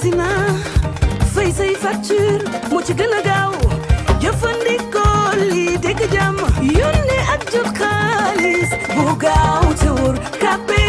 Proxima fay say facture moo ci gën a gaaw jëfandikoo lii dégg jàmm yónnee ak jot xaalis bu gaaw te wóor kàppee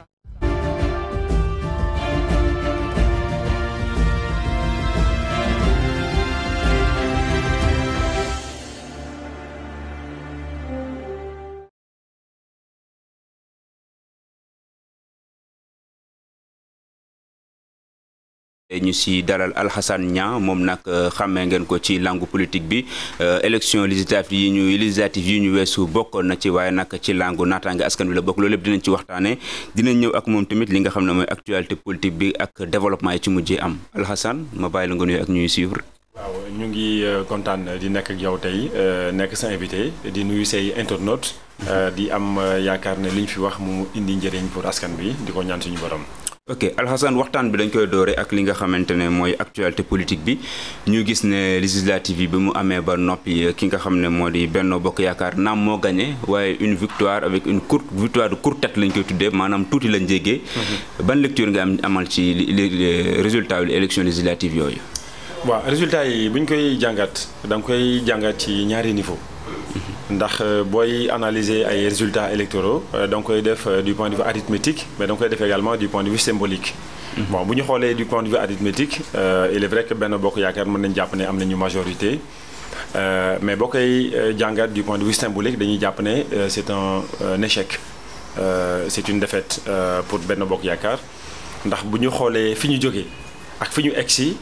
ñu si dalal Alhassane Niang moom nag euh, xàmmee ngeen ko ci langue politique bi euh, élection législative yi ñu législative yi ñu weesu bokkoon na ci waaye nag ci langue naataange askan wi la bokk loolu lépp dinañ ci waxtaane dinañ ñëw ak moom tamit li nga xam ne mooy actualité politique bi ak développement yi ci mujjee am Alhassane ma bàyyi la nga nuyu ak ñuy suivre. waaw ñu ngi euh, kontaan di nekk ak yow tey nekk sa invité di nuyu say internautes. di am yaakaar ne li ñu fi wax mu indi njëriñ pour askan bi di ko ñaan suñu borom. ok Alhassane waxtaan bi dañ koy doore ak li nga xamante ne mooy actualité politique bi ñu gis ne législative yi bi mu amee ba noppi ki nga xam ne moo di benn Bokk Yaakaar naam moo gagné waaye une victoire avec une courte victoire de courte tête lañ koy tuddee maanaam tuuti la njégee mhm. ban lecture nga am amal ci résultat yu élection législative yooyu waaw résultat yi bu ñu koy jàngat da nga koy jàngat ci ñaari niveau ndax euh, booy analyser ay résultats électro euh, da koy def euh, du point de vue arithmétique mais da koy def également du point de vue symbolique. Mhm. bon bu ñu xoolee du point de vue arithmétique il est vrai que Benno Bokk Yaakaar mën nañu jàpp ne am nañu majorité. Euh, mais boo koy jàngat du point de vue symbolique dañuy jàpp ne c'est un, un échec euh, c'est une défaite euh, pour benn Bokk Yaakaar ndax bu ñu xoolee fi ñu jóge ak fi ñu egg si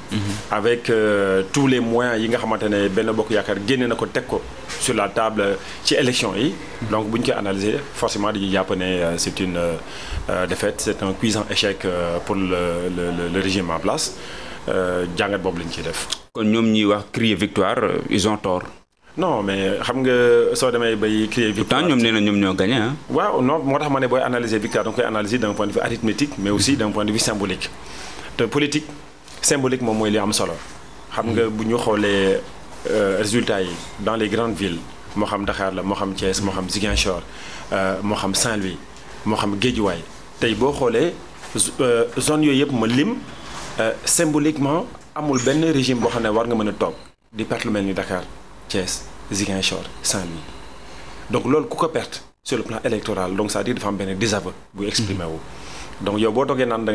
avec euh, tous les moyens yi nga xamante ne benn bokk yaakaar génne na ko teg ko sur la table ci élection yi. donc bu ñu koy analyser forcément dañuy jàpp ne euh, c' est une euh, euh défaite c' est un cuisant échec euh, pour le le le, le régime en place jàngat boobu lañ ciy def. kon ñoom ñuy wax crier victoire ils ont tort. non mais xam nga soo demee bay créer victoire pourtant ñoom nee na ñoom ñoo gagné ah. waaw non moo tax ma ne booy analyser victoire da nga koy analyser d' point de vue arithmétique mais aussi d' un symbolique moom mooy li am solo xam nga bu ñu xoolee euh, résultats yi dans les grandes villes moo xam Dakar la moo xam Thiès moo xam Ziguinchor euh, moo xam Saint-Louis moo xam Guédiawaye tey boo xoolee euh, zone yooyu yëpp ma lim symboliquement amul benn régime boo xam ne war nga mën a toog di perte lu mel ni Dakar Thiès Ziguinchor Saint-Louis donc loolu ku ko perte sur le plan électoral donc cest à dafa am benn désaveu bu exprimé wu donc yow boo toogee naan da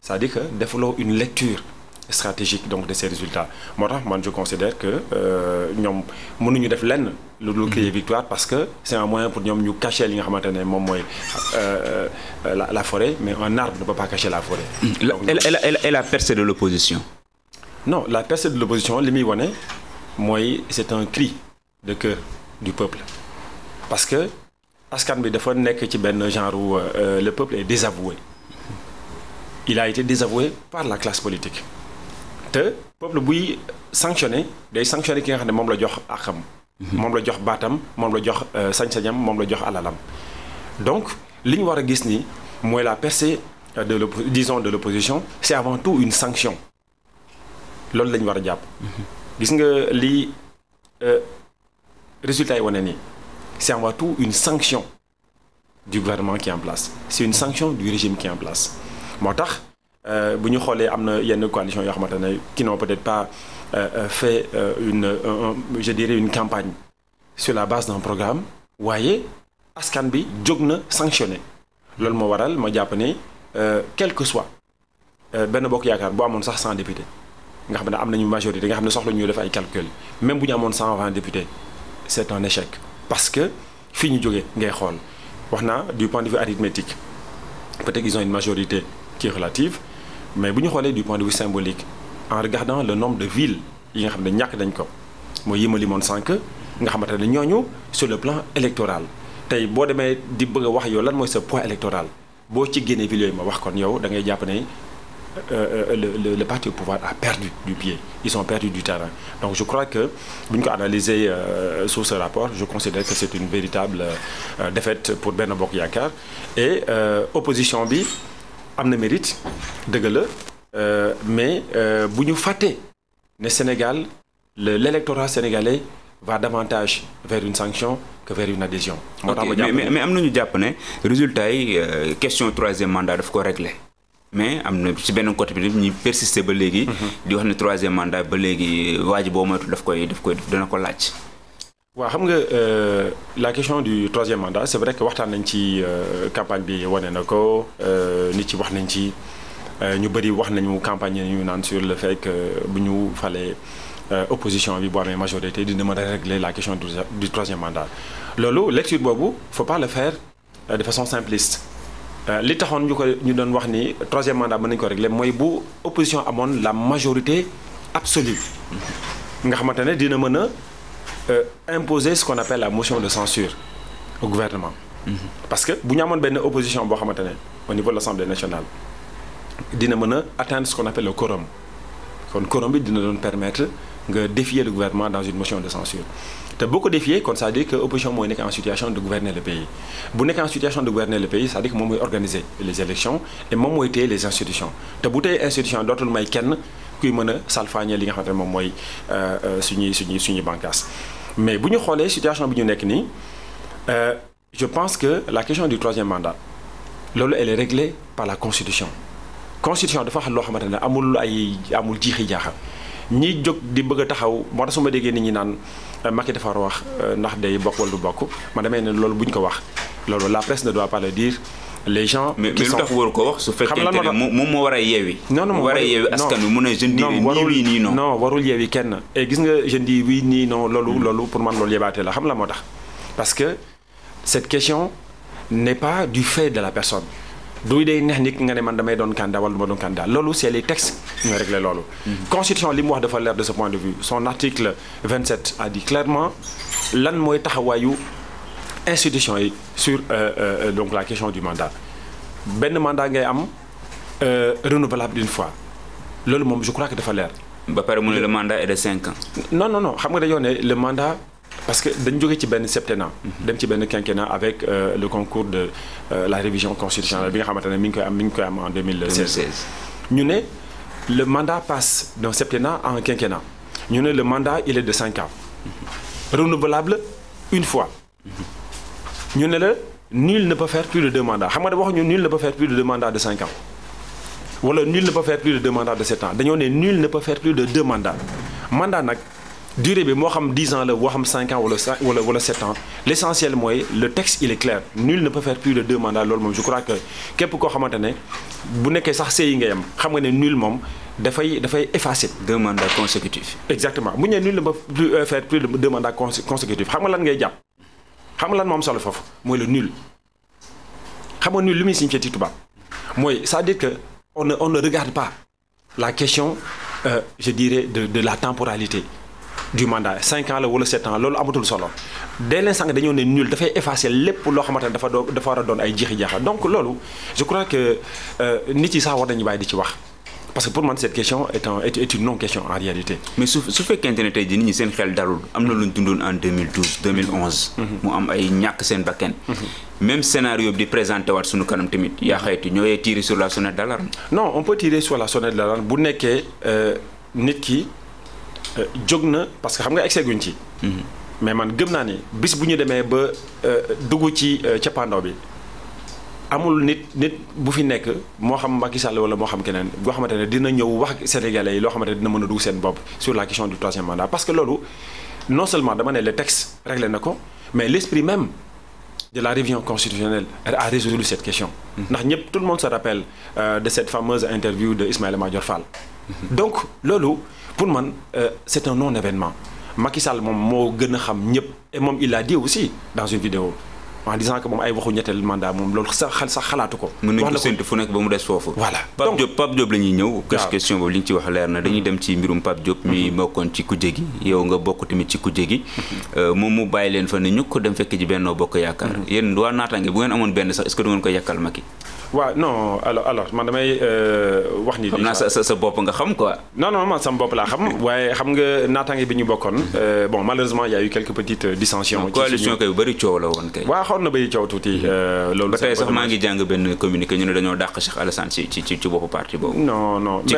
c'est-à-dire que defuloo une lecture stratégique donc de ces résultats moo tax man je considère que euh, ñoom mënuñu def lenn lu dul crier mhm. victoire parce que c'est un moyen pour ñoom ñu cacher li nga xamante ne moom mooy euh, euh, la la forêt mais un arbre ne peut pas cacher la forêt. Mm. donc et la percée de l'opposition non la percée de l'opposition li muy wane mooy c'est un cri de cœur du peuple parce que askan bi dafa nekk ci benn genre le peuple est désavoué. il a été désavoué par la classe politique te peuple buy sanctionné day sanctionné ki nga xam ne moom la jox àqam mhm. moom la jox baatam moom la jox euh, sañ-sañam moom la jox alalam donc li ñu war a gis ni mooy la percée euh, de l' disons de l' opposition c' est avant tout une sanction loolu la war a jàpp mhm. gis nga lii euh, résultat yi wone nii c' est avant tout une sanction du gouvernement qui en place c' est une sanction du régime qui en place moo tax euh, bu ñu xoolee am na yenn coalition yoo xamante ne qui peut-être pas euh, euh, fait une une campagne sur la base d'un programme waaye askan bi jóg na sanctionné loolu moo waral ma jàpp ne quel que soit benn bokk yaakaar boo amoon sax 100 députés nga xam ne am nañu majorité nga xam ne soxla ñu def ay calcul même bu ñu amoon 120 députés c'est un échec parce que fii ñu jógee ngay xool wax naa du point de vue arithmétique peut-être ils ont une majorité qui est relative mais bu ñu xoolee du point de vue symbolique en regardant le nombre de villes yi nga xam ne ñàkk dañ ko mooy yi ma limoon sànq nga xamante ne ñooñu sur le plan électoral tey boo demee di bëgg a wax yow lan mooy sa poids électoral boo ci génnee ville yooyu ma wax kon yow da ngay jàpp ne euh, euh, le le parti au pouvoir a perdu du pied ils ont perdu du terrain donc je crois que bu ñu ko analyser euh, sou ce rapport je considère que c'est une véritable pour Benno Bokk Yaakaar et opposition bi am na mérite dëgg la euh, mais euh, bu ñu fàtte ne Sénégal le l'électorat sénégalais va davantage vers une sanction que vers une adhésion. moo tax ma mais mais am na ñu jàpp ne résultat yi euh, question troisième mandat daf ko régler mais am na si benn côté bi ñu persister ba léegi. Mhm. di wax ne troisième mandat ba léegi waa ji boo moytu daf koy dana ko laaj. waa xam nga euh, la question du troisième mandat c'est vrai que waxtaan nañ ci euh, campagne bi wane na ko euh, nit ci wax nañ ci ñu bëri wax nañu campagne ñu naan sur le fait que bu ñu falee opposition bi bu amee majorité dina mën a régler la question du troisième mandat loolu lecture boobu faut pas le faire de façon simpliste li taxoon ñu ko ñu doon wax ni troisième mandat mën nañu ko régler mooy bu opposition amoon la majorité absolue nga xamante ne dina mën a euh, imposer ce qu'on appelle la motion de censure au gouvernement mhm. parce que bu ñu benn opposition boo xamante ne au niveau de l'Assemblée nationale dina mën a atteindre ce qu'on appelle le quorum kon quorum bi dina doon permettre nga défier le gouvernement dans une motion de censure te boo ko défier kon c'est-à-dire que opposition mooy nekk en situation de gouverner le pays bu nekk en situation de gouverner le pays cest dire que moom mooy organiser les élections moom mooy téye les institutions te bu téye institution dootul may kenn kuy mën a li nga xamante ne moom mooy euh, euh, suñuy suñuy suñuy bànqaas mais bu ñu xoolee situation bi ñu nekk nii euh, je pense que la question du troisième mandat loolu elle est réglée par la constitution constitution dafa xam loo xamante ne amul ay amul jiixi jaaxa ñi jóg di bëgg taxaw moo tax su ma déggee nit ñi naan euh, Macky dafa war wax euh, ndax de bokk wala du bokk man damay ne loolu bu ñu ko wax loolu la presse ne doit pas le dire le gens. mais mais ko wax su fekkente ne moom moo war a yeewi. non non war a yeewi askan mu ne jeune di nii nii non. non warul yeewi kenn et gis nga jeune di wii nii non loolu mm. loolu pour man loolu yebaate la xam la moo tax. parce que cette question n'est pas du fait de la personne. du day neex nit nga ne man damay doon candidat wala du ma doon candidat loolu c'est les textes ñooy régler loolu. Mm-hmm. constitution li mu wax dafa leer de ce point de vue son article 27 a dit clairement lan mooy taxawaayu. institution yi sur euh, euh, euh, donc la question du mandat benn mandat ngay am euh, renouvelable une fois loolu moom je crois que dafa leer. ba pare mu ne le mandat est de cinq ans. no non non xam nga dañoo ne le mandat. parce que dañ jóge ci benn septennat mhm. dem ci benn quinquennat avec le concours de euh, la révision constitutionnelle bi nga xamante ne mi ngi koy am mi ngi koy am en 2016 ñu ne le mandat passe d'un septennat à un quinquennat ñu ne le mandat il est de cinq ans mhm. renouvelable une fois mhm. ñu ne la nul ne peut faire plus de deux mandats xam nga dafa waxuñu ñu nul ne peut faire plus de deux mandats de cinq ans wala nul ne peut faire plus de deux mandats de sept ans dañoo ne nul ne peut plus deux mandats bi moo xam 10 ans la xam 5 ans wala wala wala 7 ans l' essentiel mooy le texte il est clair de deux mandats loolu moom je crois que képp koo xamante ne bu nekkee sax seey yi ngay am xam nga ne nul moom dafay dafay effacer. deux mandats consécutifs. exactement bu ñu nee nul ne peut euh, faire plus deux mandats consécutifs xam nga lan ngay jàpp. xam nga lan moom solo foofu mooy la nul xam nga nul li muy signifié ci tubaab mooy c'est-à-dire que on ne on ne regarde pas la question euh, je dirais de de la temporalité du mandat cinq ans la wala sept ans loolu amatul solo dès l'instant que dañoo ne nul dafay effacer lépp loo xamante ne dafa doo dafa war a doon ay jeexi jaaxa donc loolu je crois que euh, nit yi sax war nañu bàyyi di ci wax. parce que pour man cette question est un est une non question en réalité. mais su su fekkente ne tey jii nit ñi seen xel dalul am na lu ñu dundoon en 2012 2011. Mhm. mu am ay ñàkk seen bakkan. Mhm. même scénario bi di présenté waat sunu kanam tamit yaa xayti ñooy tirer sur la sonnette d'alarme. non on peut tirer sur la sonnette d'alarme bu nekkee euh, nit ki euh, jóg na parce que xam nga exeguñ ci. Mhm. mais man gëm naa ni bis bu ñu demee ba euh, dugg ci cappaandaw bi. amul nit nit bu fi nekk moo xam Macky Sall wala moo xam keneen boo xamante ne dina ñëw wax Sénégalais yi loo xamante ne dina mën a dugg seen bopp sur la question du troisième mandat parce que loolu non seulement dama ne le texte réglé na ko mais l'esprit même de la révision constitutionnelle a résolu cette question mm-hmm. ndax ñëpp tout le monde se rappelle euh, de cette fameuse interview de Ismaïla Madior Fall mm-hmm. donc loolu pour man euh, c'est un non événement Macky Sall moom moo gën a xam ñëpp moom il a dit aussi dans une en disant que moom ay waxu ñetteelu mandat moom loolu sax xel sax xalaatu ko. ba mu mhm. mhm. mhm. euh, leen fa ñu dem fekk ji Benno Bokk Yaakaar. yéen waa naataange bu ngeen amoon benn sax est ko yàkkal Macky. waaw non alors alors man damay euh, wax ni. xam naa sa sa bopp nga xam quoi. non non man sama bopp laa xam. waaye xam nga naataange bi ñu bokkoon euh, bon malheureusement y a eu quelques petites dissensions. ci coalition kay bëri coow la woon kay. war na mm-hmm. euh, ba tey sax maa ngi jàng benn communiqué ñu ne dañoo dàq Cheikh Alassane ci ci ci boppu parti boobu. non non ci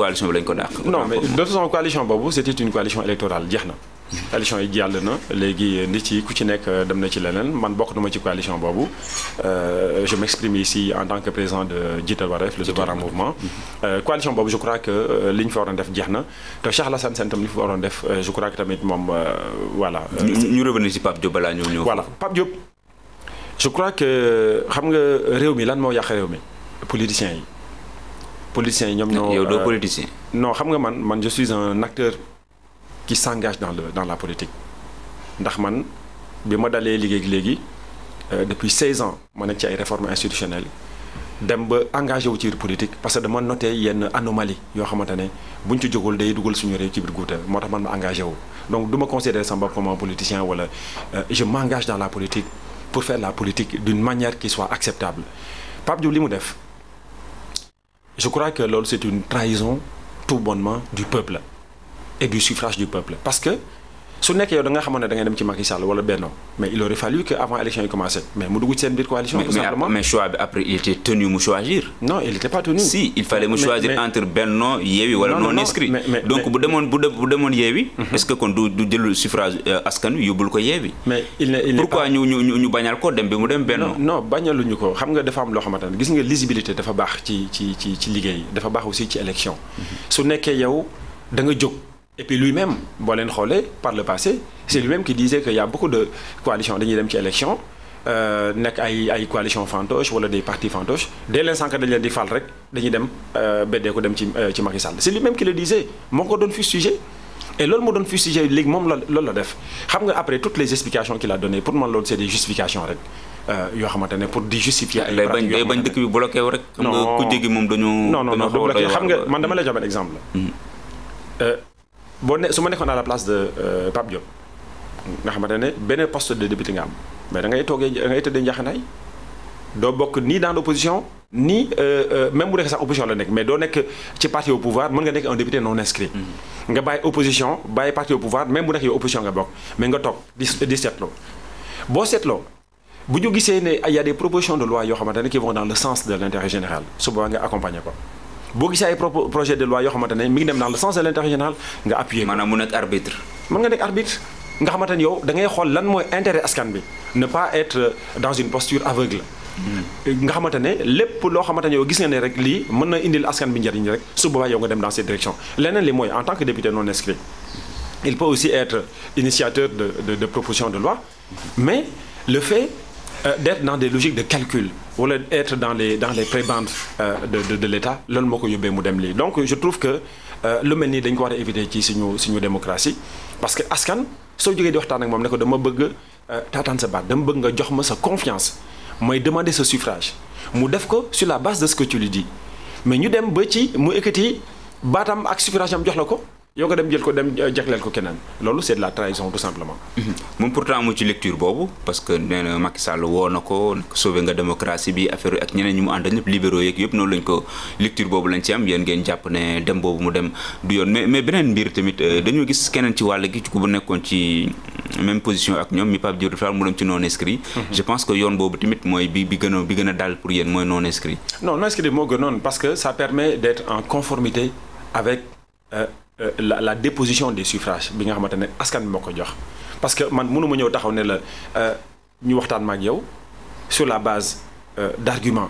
coalition bi lañ ko dàq. non coalition boobu c' une coalition électorale jeex na. Mm-hmm. coalition yi jàll na léegi nit yi ku ci nekk euh, dem na ci leneen man bokk na ma ci coalition boobu euh, je m' exprime ici en tant que président de Jiital Wareef le Devoir en mouvement mm-hmm. coalition boobu je crois que li ñu fa waroon def jeex na te Cheikh Alassane Sène tam li ñu fa waroon def je crois que tamit moom ñu revenir ci Pape je crois que xam nga réew mi lan moo yàq réew mi politiciens yi. politiciens yi ñoom ñoo yow doo euh, politicien. non xam nga man man je suis un acteur qui s'engage dans le dans la politique ndax man bi ma dalee liggéey léegi euh, depuis 16 ans ma nekk ci ay réformes institutionnelles dem ba engagé wu ci biir politique parce que dama noté yenn anomalie yoo xamante ne buñ ci jogul day dugal suñu réew ci biir guuta moo tax man ma engagé wu donc du ma considérer sama bopp comme un politicien wala euh, la politique. pour faire la politique d'une manière qui soit acceptable Pape Diop li mu def je crois que loolu c'est une trahison tout bonnement du peuple et du suffrage du peuple parce que su nekkee yow da nga xamoon ne da ngay dem ci Macky Sall wala Benno mais il aurait fallu que avant élection yi commencé mais mu dugg ci seen biir coalition. tout simplement mais choix bi après il était tenu mu choisir. non il était pas tenu. si il fallait mu choisir entre Benno Yewwi wala non inscrit donc bu demoon bu demoon Yewwi. Mhm. est-ce que kon du du jël suffrage euh, askan wi yóbbul ko Yewwi. mais il ne il pourquoi ñu ñu ñu bañal ko dem bi mu dem Benno. non bañaluñu ko xam nga dafa am loo xamante ne gis nga lisibilité dafa baax ci ci ci ci liggéey dafa baax aussi ci élection mhm. su nekkee yow da nga jóg. et puis lui-même boo leen xoolee par le passé c'est lui-même qui disait que y a beaucoup de coalitions dañuy dem ci élection euh, nekk ay coalition fantoche wala des partis fantoches dès l'instant que dañ leen di fal rek dañuy dem euh, beddee ko dem ci euh, ci Macky c'est lui-même qui le disait moo ko doon fustigé et loolu moo doon fustigé léegi moom la loolu la def xam nga après toutes les explications qu'il a donné pour man loolu c'est des justifications rek yoo xamante pour di justifier ay pratiques yoo xamante ne bañ dëkk a xam nga boo ne su ma nekkoon a la place de euh, Pape Diop nga xamante ne benn post de député nga am mais da ngay toogee da ngay tëddee njaxanaay doo bokk nii dans l'opposition ni euh, euh, même bu nekk sax opposition la nekk mais doo nekk ci parti au pouvoir mën nga nekk un député non inscrit mm-hmm. nga bàyyi opposition bàyyi parti au pouvoir même bu nekk yow opposition nga bokk mais nga toog di di boo seetloo bu ñu gisee ne ah, y a des propositions de loi yoo xamante ne qui ko boo gisee ay projet de loi yoo xamante ne mi ngi dem dans le sens de l'intérêt général nga appuyer. maanaam mu nekk arbitre. mën nga nekk arbitre nga xamante ne yow ngay xool lan mooy intérêt askan bi ne pas être dans une posture aveugle. Hmm. nga xamante ne lépp loo xamante ne yow gis nga ne rek lii mën na indil askan bi njëriñ rek su boobaa yow nga dem dans cette direction leneen li mooy en tant que député non inscrit il peut aussi être initiateur de de de proposition de loi mais le euh, d'être dans de logiques de calcul wala être dans les dans les prébendes euh, de de de l'État loolu moo ko yóbbee mu dem lii donc je trouve que euh, lu mel nii dañ ko war a éviter ci suñu suñu démocratie parce que askan soo jógee di waxtaan ak moom ne ko dama bëgg euh, taataan sa baat dama bëgg nga jox ma sa confiance mooy demander sa suffrage mu def ko sur la base de ce que tu lui dis mais ñu dem ba ci mu ekkati baatam ak suffrage am jox la ko. yow nga dem jël ko dem euh, jagleel ko keneen loolu c'est la trahison tout simplement. Mhm. moom pourtant mu ci lecture boobu parce que nee na Macky Sall ko sauvé nga démocratie bi affaire ak ñeneen ñu mu àndal ñëpp libéraux yeeg yëpp noonu lañ ko lecture boobu lañ ci am yéen ngeen jàpp ne dem boobu mu dem du yoon mais beneen mbir tamit euh, dañoo gis keneen ci wàll gi ku nekkoon ci même position ak ñoom mi Pape Diouf Fall mu dem ci non inscrit. Mhm. je pense Euh, la la déposition des suffrages bi nga xamante ne askan bi moo ko jox parce que man mënu ma ñëw taxaw ne la euh, ñu waxtaan ma ak yow sur la base euh, d'argument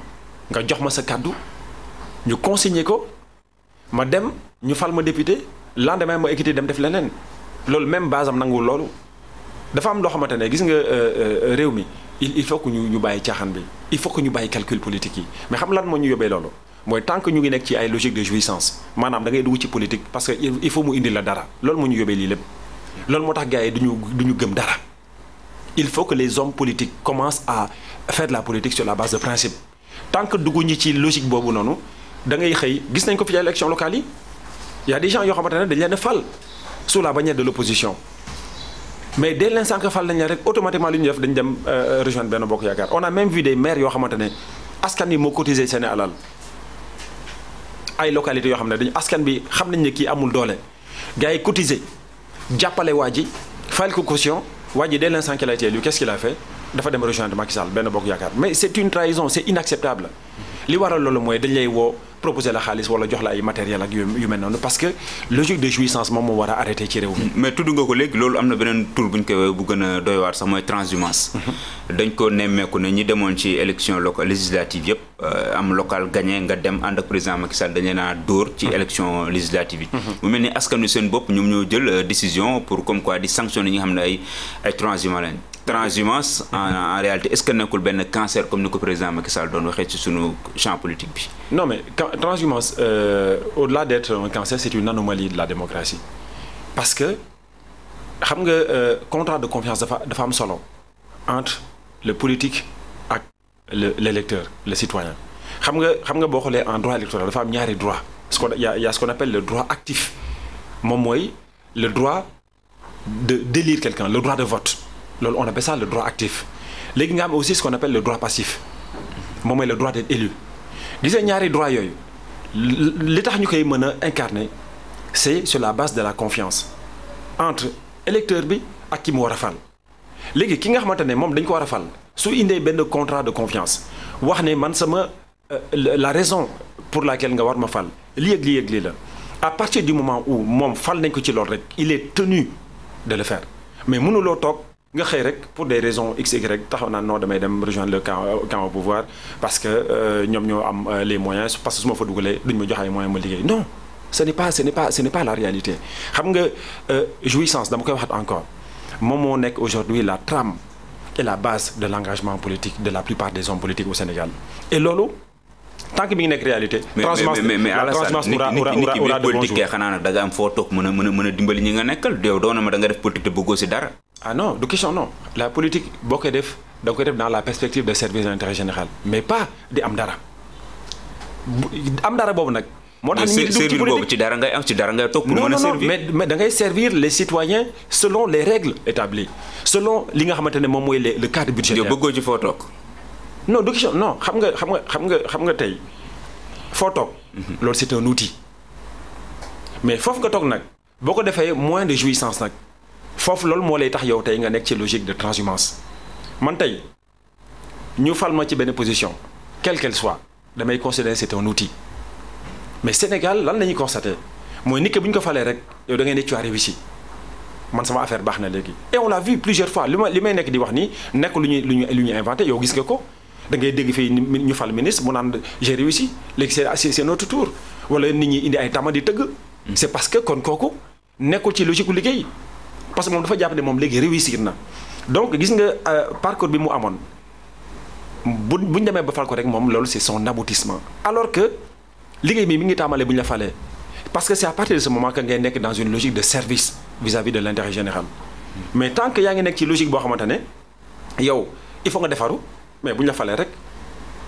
nga jox ma sa kàddu ñu consigné ko ma dem ñu fal ma député lendemain ma équité dem def leneen loolu même base am nanguwul loolu dafa am loo xamante ne gis nga réew mi il faut que ñu ñu bàyyi caaxaan bi il faut ñu bàyyi calcul politique yi mais xam lan moo ñu yóbbee loolu mooy tant que ñu ngi nekk ci ay logique de jouissance maanaam da ngay dugg ci politique parce que il faut mu indi la dara lool moo ñu yóbbee lii lépp loolu moo tax gars yi duñu duñu gëm dara il faut que les hommes politiques commencent à faire la politique sur la base de principe tant que boobu noonu da ngay gis nañ ko fi ci locale yi y a des yoo xamante ne dañ leen fal sous la bannière de l'opposition mais dès l'instant que fal nañ leen rek automatiquement li ñu def dañ dem euh, rejoindre benn bokk yaakaar on a même vu des maires yoo xamante ne askan yi moo cotisé seen alal ay localité yoo xam ne dañ askan bi xam nañ ne kii amul doole gars yi cotiser jàppale waa ji fayal caution waa ji dès l'instant qu'il a été élu qu'est-ce qu'il fait dafa dem rejoindre Macky Sall benn bokk yaakaar mais c'est une trahison c'est inacceptable li waral loolu mooy dañ lay woo. proposer la xaalis wala jox la ay matériel ak yu mel noonu parce que logique de jouissance moom moo war a arrêté ci réew mi. Mm-hmm. mais nga ko léegi loolu am na beneen tur bu koy woowee bu gën a sax mooy transhumance. Mm-hmm. dañ ko nemmeeku ñi demoon ci élection locale législative yëpp euh, am local gagné nga dem ànd ak président Macky Sall dañu naa dóor ci mm-hmm. élection législative yi. mu mel ni askan wi seen bopp ñoom ñoo jël euh, décision pour comme quoi di sanctionner ñi nga xam ne ay ay transhumants transhumance en réalité est-ce que nekkul benn cancer comme ni ko président Macky Sall doon waxee ci sunu champ politique bi. transhumance euh, au-delà d'être un cancer c'est une anomalie de la démocratie parce que xam nga euh, contrat de confiance dafa dafa am solo entre les politique ak le l'électeur les citoyen xam nga xam nga boo xoolee en droit électoral dafa am ñaari droit ce qu'on y a y appelle le droit actif moom mooy le droit de d'élire quelqu'un le droit de vote loolu on appelle ça le droit actif léegi nga am aussi ce qu'on appelle le droit passif moom mooy le droit d'être gisee ñaari droit yooyu li tax ñu koy mën a incarner c'est sur la base de la confiance entre électeur bi ak ki mu war a fal léegi ki nga xamante ne moom dañ ko war a fal su indee benn contrat de confiance wax ne man sama euh, la raison pour la laquelle nga war ma fal li ak lii ak lii la à partir du moment où moom fal nañ ko ci loolu rek il est tenu de le faire mais mënuloo toog nga xëy rek pour des raisons x y rek taxaw naa non damay dem rejoindre le camp euh, au pouvoir parce que euh, ñoom ñoo am euh, les moyens parce que su ma fa duñ ma jox ay moyens ma liggéey non ce n'est pas ce n'est pas la réalité xam nga jouissance dama koy waxat encore moom moo nekk aujourd'hui la trame et la base de l'engagement politique de la plupart des hommes politiques au Sénégal et loolu tant que mi nekk réalité. transhumance mais mais nit ki nga a mën a a dimbali ñi nga nekkal ah non du question non la politique boo koy def da nga koy def dans la perspective de service de général mais pas di am dara am dara boobu nag. moo tax nit ci dara ngay am ci dara ngay toog pour mën a servir mais mais da ngay servir les citoyens selon les règles établies selon li nga xamante ne moom mooy le cadre budgétaire. yow bëggoo ci foo toog. non du question no xam nga xam nga xam nga xam nga tey foo toog. Mhm. loolu c'est un outil mais foofu nga toog nag boo ko defee moins de jouissance nag. foofu loolu moo lay tax yow tey nga nekk ci logique de transhumance man tey ñu fal ma ci benn position quelle soit damay considérer c'est un outil mais Sénégal lan nañu ñuy constater mooy nit ki bu ñu ko falee rek yow da ngay ne tu réussi man sama affaire baax na léegi. et on l'a vu plusieurs fois li ma li may nekk di wax nii nekk lu ñuy lu ñuy lu ñuy inventé yow gis nga ko da ngay dégg fii ñu fal ministre mu naan j'ai réussi léegi c'est c'est notre tour wala nit ñi indi ay tama di tëgg. Hmm. c'est parce que kon kooku nekkul ci logique liggéey. parce que moom dafa jàpp ne moom léegi réussir na donc gis nga euh, parcours bi mu amoon bu bu ñu demee ba fal ko rek moom loolu si son aboutissement. alors que liggéey bi mi ngi tàmbalee bu ñu la falee parce que c'est à partir de ce moment que ngay nekk dans une logique de service vis-à-vis de l'intérêt général mais tant que yaa ngi nekk ci logique boo xamante yow il faut nga defaru mais bu ñu la falee rek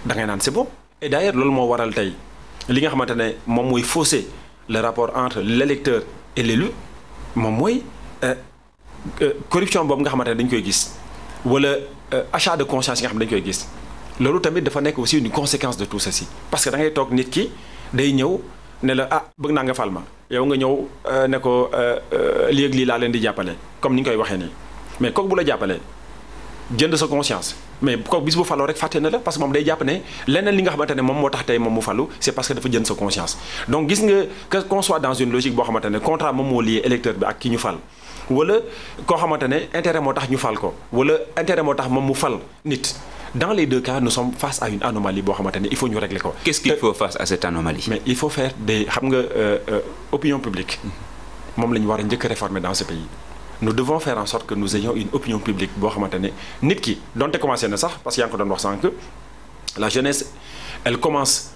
da ngay naan c'est bon. et d'ailleurs loolu moo waral tey li nga xamante ne moom mooy fausser le rapport entre l'électeur et l'élu moom mooy. Euh, Euh, corruption boobu nga xamante ne dañ koy gis wala euh, achat de conscience yi nga xam dañ koy gis loolu tamit dafa nekk aussi une conséquence de tout ceci parce que dangay toog nit ki day ñëw ne la ah bëgg naa nga fal ma yow nga ñëw euh, ne ko lii lii laa leen di jàppale comme ni ñu koy waxee nii mais kooku bu la jàppalee jënd sa conscience mais kooku bis bu faloo rek fàtte na la parce que moom day jàpp ne leneen li nga xamante moom moo tax tey moom mu falu c'est parce que dafa jënd boo xamante ne contrat moom moo lié ak ki fal wala koo xamante ne intérêt moo tax ñu fal ko wala intérêt moo tax moom mu fal nit dans les deux cas nous sommes face à une anomalie boo xamante ne il faut ñu régler ko. qu'est-ce qu'il faut face à cette anomalie. mais il faut faire des xam nga euh, euh, opinion publique moom la ñu war a njëkk réformer dans ce pays. nous devons faire en sorte que nous ayons une opinion publique boo xamante ne nit ki donte commencé na sax parce que yaa ngi ko doon wax sànq la jeunesse elle commence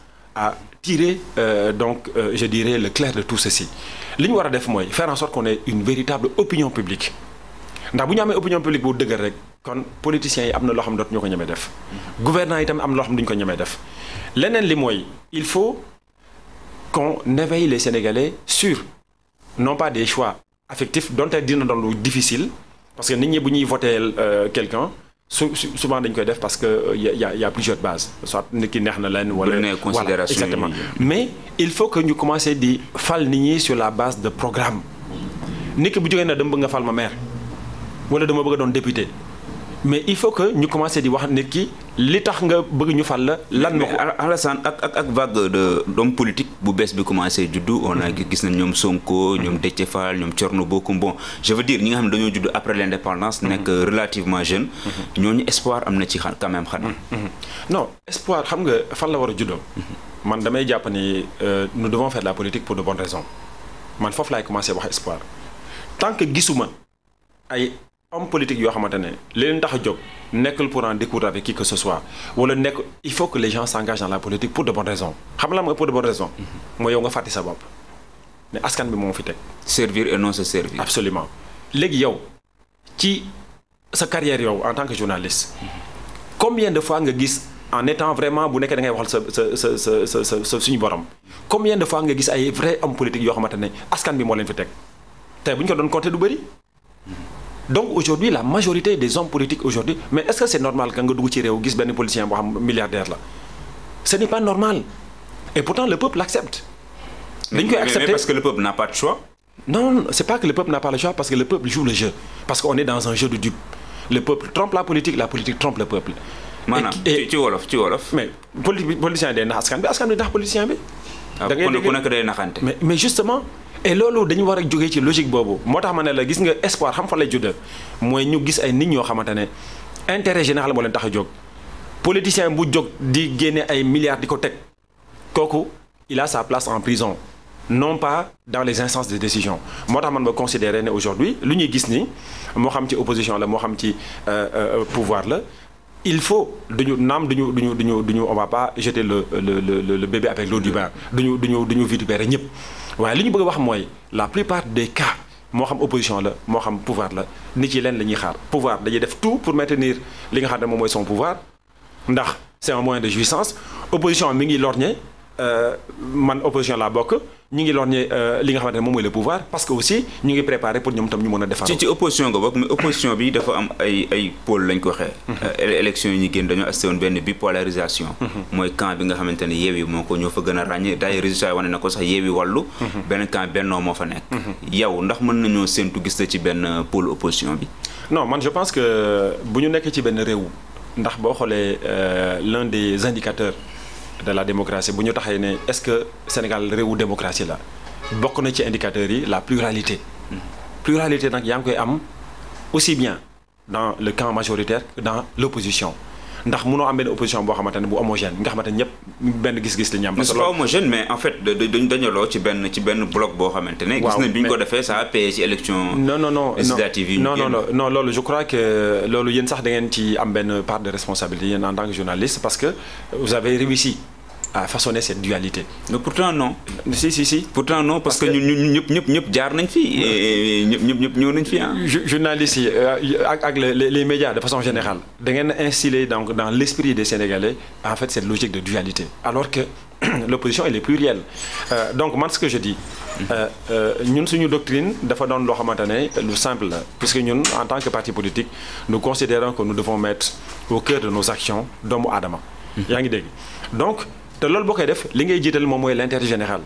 tirer euh, donc euh, je dirais le clair de tout ceci li ñu war a def mooy faire en sorte qu'on une véritable opinion publique ndax bu ñu amee opinion publique bu dëgër rek kon politiciens yi am na loo xam ne dootuñu ko ñemee def gouvernants yi tamit am na loo xam ne duñu ko ñemee def leneen li mooy il faut qu'on éveille les Sénégalais sur non pas des choix affectifs donte dina doon lu difficile parce que nit ñi bu ñuy voter euh, quelqu'un su souvent dañ koy def parce que euh, y' a y' a plusieurs bases soit nit ki neex na leen. wala voilà exactement mais il faut que ñu commencer di fal nit ñi sur la base de programme nit ki bu jógee na dama bëgg nga fal ma maire wala dama bëgg a doon député. mais il faut que ñu commencé di wax nit ki li tax nga bëgg ñu fal la lan moo Alassane ak ak ak vague de d'homme politique bu bees bi commencé juddu on a mm-hmm. gis nañ ñoom Sonko ñoom mm-hmm. Déthié Fall ñoom Thierno Bocoum bon je veux dire ñi nga xam ne dañoo juddu après l'indépendance mm-hmm. nekk relativement jeune ñooñu espoir am na ci xa quand même xanaa non espoir xam nga fan la war a juddoo man damay jàpp ni euh, nous devons faire la politique pour de bonnes raisons man foofu laay commencé wax espoir tant que gisuma homme politique yoo xamante ne li leen tax a jóg nekkul pour en découdre avec qui que ce soit wala nekk il faut que les gens s'engagent dans la politique pour de bonnes raisons xam la mooy pour de bonnes raisons mhm. mooy yow nga fàtte sa ne askan bi moo fi teg servir et non se servir absolument léegi yow ci sa carrière yow en tant que journaliste mhm. combien de fois nga gis en étant vraiment bu nekkee da ngay waxal sa sa sa sa sa sa suñu borom combien de fois nga gis ay vrai homme politique yoo xamante ne askan bi moo leen fi teg tey bu ñu ko doon compter du bëri mhm. donc aujourd'hui la majorité des hommes politiques aujourd'hui mais est-ce que c'est normal que nga dugg ci réew gis benn politicien boo milliardaire la ce n'est pas normal et pourtant le peuple l'accepte dañ koy accepter parce que le peuple n'a pas de choix non c'est pas que le peuple n'a pas le choix parce que le peuple joue le jeu parce qu'on est dans un jeu de dupe le peuple trompe la politique la politique trompe le peuple maanaam ci wolof ci wolof mais politicien day nax askan bi askan bi nax politicien bi ah, et loolu dañu war a jógee ci logique boobu moo tax ma ne la gis nga espoir xam fa lay judd mooy ñu gis ay nit ñoo xamante ne intérêt général moo leen tax a jóg politicien bu jóg di génne ay milliards di ko teg kooku il a sa place en prison non pas dans les instances de décision moo tax man ma considérer ne aujourd'hui lu ñuy gis ni moo xam ci opposition la moo xam ci euh, euh, pouvoir la il faut duñu naam duñu duñu du ñu on va pas jeter le le le le bébé avec l'eau du bain duñu duñu duñu vitupérer ñëpp waaye li ñu bëgg wax mooy la plupart des cas moo xam opposition la moo xam pouvoir la nit yi leen la ñuy xaar pouvoir dañuy def tout pour maintenir li nga xam ne moom mooy son pouvoir ndax c'est un moyen de jouissance opposition mi ngi lorñe euh, man opposition la bokk ñu ngi lorñe euh, li nga xamante ne moom mooy le pouvoir parce que aussi ñu ngi préparé pour ñoom tam ñu mën a defar ci ci opposition nga bokk mais ko waxee mhm. euh, élection yi ñu génn dañoo assisté woon benn bipolarisation mhm. mooy camp bi nga xamante ne Yewwi moo ko ñoo fa gën a ràññee daay résultat yi wane na ko sax Yewwi Wallu mhm. benn camp bennoo moo fa nekk yow ndax mën nañoo séntu gis la ci benn euh, pôle opposition bi non man je pense que bu ñu nekk ci benn réew ndax boo xoolee l'un des indicateurs de la démocratie bu ñu taxee ne est-ce que Sénégal réewu démocratie la bokk na ci indicateurs yi la pluralité pluralité nag yaa ngi koy am aussi bien dans le camp majoritaire que dans l'opposition ndax mënoo am benn opposition boo xamante ne bu homogène nga xamante ne ñëpp benn gis-gis la ñu am. parce que pas homogène mais en fait dañu dañaloo ci benn ci benn bloc boo xamante ne. gis nañ bi ñu ko defee ça a payé ci élection. non non non yi non non non non loolu je crois que loolu yéen sax da ngeen ci am benn part de en tant que parce que vous à façonner cette dualité. mais pourtant non. si si si pourtant non parce, que ñun ñun ñëpp ñëpp ñëpp jaar nañ fi. ñëpp ñëw nañ fi ah. journalistes yi euh, ak ak les médias de façon générale da ngeen a instiller dans l' esprit des Sénégalais en fait cette logique de dualité alors que l'opposition elle est plurielle euh, donc man ce que je dis. Mm-hmm. Euh, euh, ñun suñu doctrine dafa doon loo xamante ne lu simple la puisque ñun en tant que parti politique nous considérons que nous devons mettre au cœur de nos actions doomu adama mm-hmm. yaa ngi dégg te loolu boo koy def li ngay jiital moom mooy l'intérêt général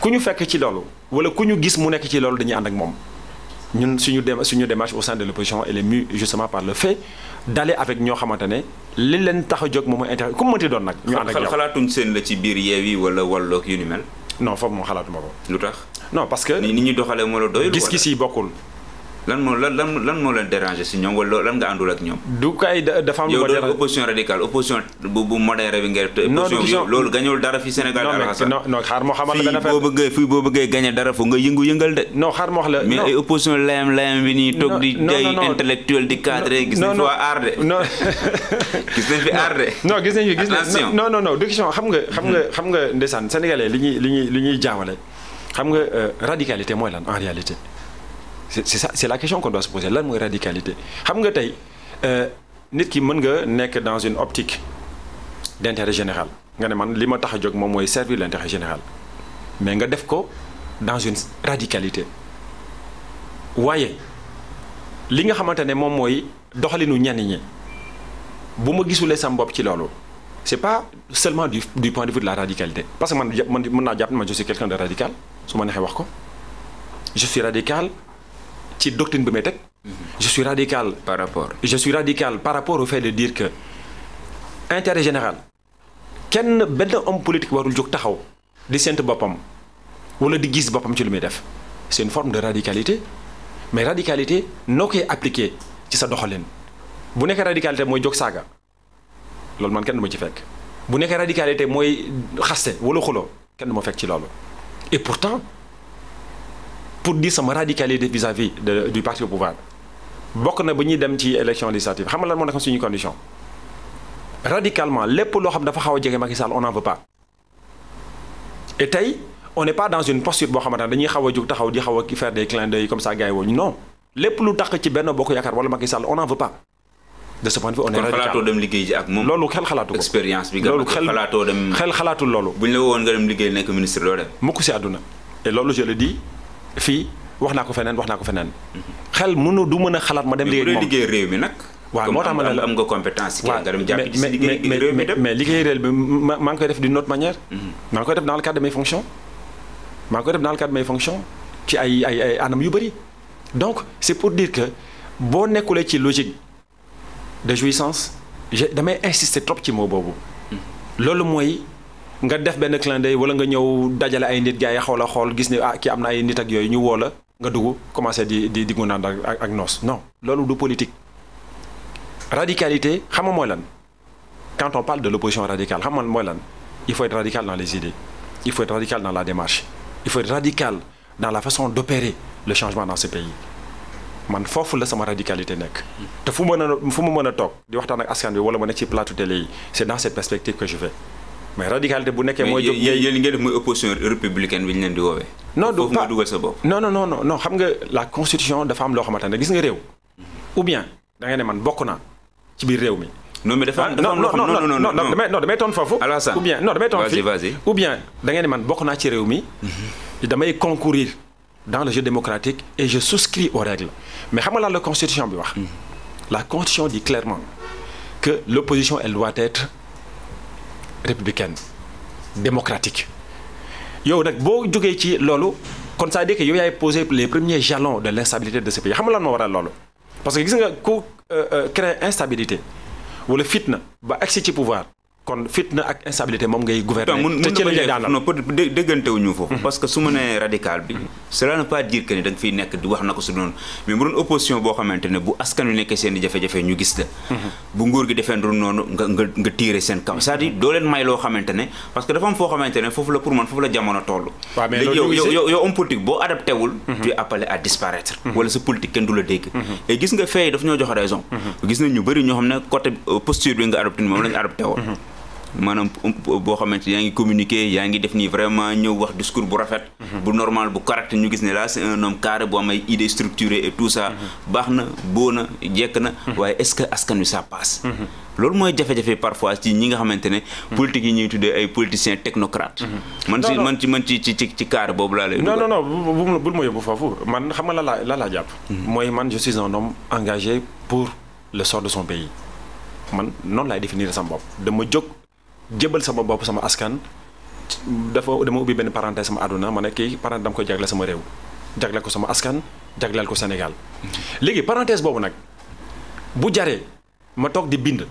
ku ñu fekk ci loolu wala ku ñu gis mu nekk ci loolu dañuy ànd ak moom ñun suñu dem suñu démarche au sein de l'opposition elle est mue justement par le fait avec ñoo xamante ne li leen tax a jóg moom mooy intérêt ku doon nag. ñu ànd ak yow xalaatuñ seen la ci biir Yewwi wala Wallu ak yu ni mel. non foofu moom xalaatuma ko. lu tax. non parce que. ni ñu doxalee moo la doyul. gis-gis yi bokkul. lan moo lan lan lan moo leen déranger si ñoom wala lan nga àndul ak ñoom. du kay dafa am lu ma déranger opposition radicale opposition bu bu modéré bi opposition loolu gañul dara fii Sénégal. non non xaar moo xamal la benn fii boo bëggee gañe dara foo nga yëngu yëngal de. non xaar moo wax la mais ay opposition layam layam bi nii toog di. day intellectuel di cadré gis nañ fi waa aar de. non gis nañ fi aar de. non gis nañ fi gis nañ non non non question xam nga. xam nga hmm. xam nga ndeysaan li ñuy li ñuy li ñuy jaawale xam nga euh, radicalité mooy lan en c'est ça c'est la question qu'on doit se poser lan mooy radicalité xam nga tey euh, nit ki mën nga nekk dans une optique d'intérêt général nga ne man li ma tax a jóg moom mooy servir l'intérêt général mais nga def ko dans une radicalité waaye li nga xamante ne moom mooy doxalinu ñenn ñi bu ma gisulee sam bopp ci loolu c'est pas seulement du du point de vue de radicalité parce man man mën naa jàpp ne man je suis quelqu'un de radical su ma neexee wax ko je suis ci doctrine bi may teg mhm. je suis radical par rapport je suis radical par rapport au fait de dire que kenn benn homme politique warul jóg taxaw di sént boppam wala di gis boppam ci lu muy def c'est une forme de radicalité mais radicalité noo koy appliqué ci sa doxalin bu nekkee radicalité mooy jóg saaga loolu man kenn du ci fekk bu nekkee radicalité mooy xaste wala xuloo kenn du fekk ci loolu et pourtant pour dire sama radicalité vis-à-vis du parti pouvoir bokk na ba ñuy dem ci élection législative xam nga lan moo nekkoon suñu condition radicalement lépp loo xam dafa xaw a jege Macky Sall on n'en veut pas et tey on n'est pas dans une posture boo xamante dañuy xaw a jóg taxaw di xaw a faire des clins d'œil comme ça gars yi wooñu lépp lu tax ci benn bokk yaakaar wala Macky Sall on n'en veut pas de ce point de on est radical liggéey ji ak moom loolu xel xalaatu ko expérience bi loolu xel xalaatoo dem xel xalaatul loolu buñ la woon nga dem liggéey nekk ministre doo dem mukk si àdduna et loolu je fii wax naa ko feneen wax naa ko feneen xel mu mënu du mën a xalaat ma dem liggéey réew mi nag waaw moo tax ma ne am nga compétence nga dem jàpp ci liggéey réew mi dem mais liggéey koy def di not manière mhm. maa ngi koy def dans le cadre de mes fonctions maa ngi koy def dans le cadre de mes fonctions ci ay ay ay anam yu bëri donc c'est pour dire que boo nekkulee ci logique de jouissance damay insister trop ci mot boobu mhm. loolu mooy nga def benn clin d'œil wala nga ñëw dajale ay nit gars yi xaw la xool gis ne ah kii am na ay nit ak yooyu ñu woo la nga dugg commencé di di diggu naan ak ak noos no loolu du politique radicalité xam nga mooy lan quand on parle de l'opposition radicale xam mooy lan il faut être radical dans les idées il faut être radical la démarche il faut être radical dans la façon d'opérer le changement dans ce pays man foofu la sama radicalité nekk te fu ma mën a fu ma mën a toog di waxtaan ak askan bi mais radicalité bu nekkee mooy jóg yéen li ngeen def mooy opposition républicaine bi du pas dugal sa bopp non xam nga la constitution dafa am loo xamante ne gis nga réew ou bien da nga ne man bokk naa ci biir réew mi non mais dafa ah, non non non non damay non damay toon foofu ou bien non damay naa ci réew mi dans le jeu démocratique et je souscris aux règles mais xam nga lan la constitution bi wax mm. la constitution dit clairement que l'opposition elle doit être républicaine démocratique yow nag boo jógee ci loolu kon ça veut dire que yow yaay poser les premiers jalons de l' instabilité de ce pays xam nga lan moo waral loolu. parce que gis nga ku euh, euh, créer instabilité wala fitna ba agsi ci pouvoir kon fitna ak instabilité moom ngay gouverner. te na mm-hmm. mu ne bu askan wi nekkee i jafe-jafe moom la ñu maanaam um, boo xamante yaa ngi communiquer yaa ngi def nii vraiment ñëw wax discours bu rafet. Mhm. bu normal bu correct ñu gis ne là c'est un homme carré bu am ay idées structurées et tout ça. Mhm. baax jekk na. Mhm. waaye est-ce que askan wi ça passe. loolu mooy jafe-jafe ci ñi nga xamante ne. politique yi ñuy tuddee ay politiciens technocrates. man ci man ci man ci ci ci carré boobu laa lay. non non non bu bul ma yóbbu foofu man xam nga la laa la laa jàpp. mooy man je suis un homme engagé pour le sort de son pays man noonu laay définir sa bopp dama jóg. jëbal sama bopp sama askan dafa dama ubbi benn parenthèse sama àdduna ma ne ki parenthèse dama koy jagle sama réew jagleel ko sama askan jagleel ko Sénégal léegi parenthèse boobu nag bu jaree ma toog di bind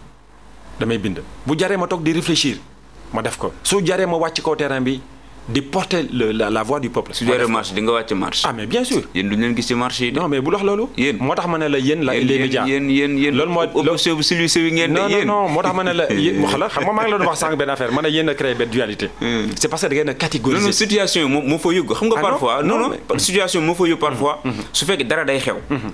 damay bind bu jaree ma toog di réfléchir ma def ko su jaree ma wàcc kaw terrain bi di porter le la la voix du peuple. su dee marche di nga wàcc marche. ah bien sûr. yéen duñ leen gis ci marche yi. mais bu dox loolu. yéen moo tax ma ne la yéen. la les médias yéen yéen opposition bi silu silu ngeen. non moo tax ma ne la yéen xala xam nga maa ngi la doon wax sànq benn affaire ma ne yéen a créé benn dualité. Hmm. c' est que da ngeen a catégoriser. situation yi moo moo fa ah parfois. su fekkee dara day xew. Hmm, hmm.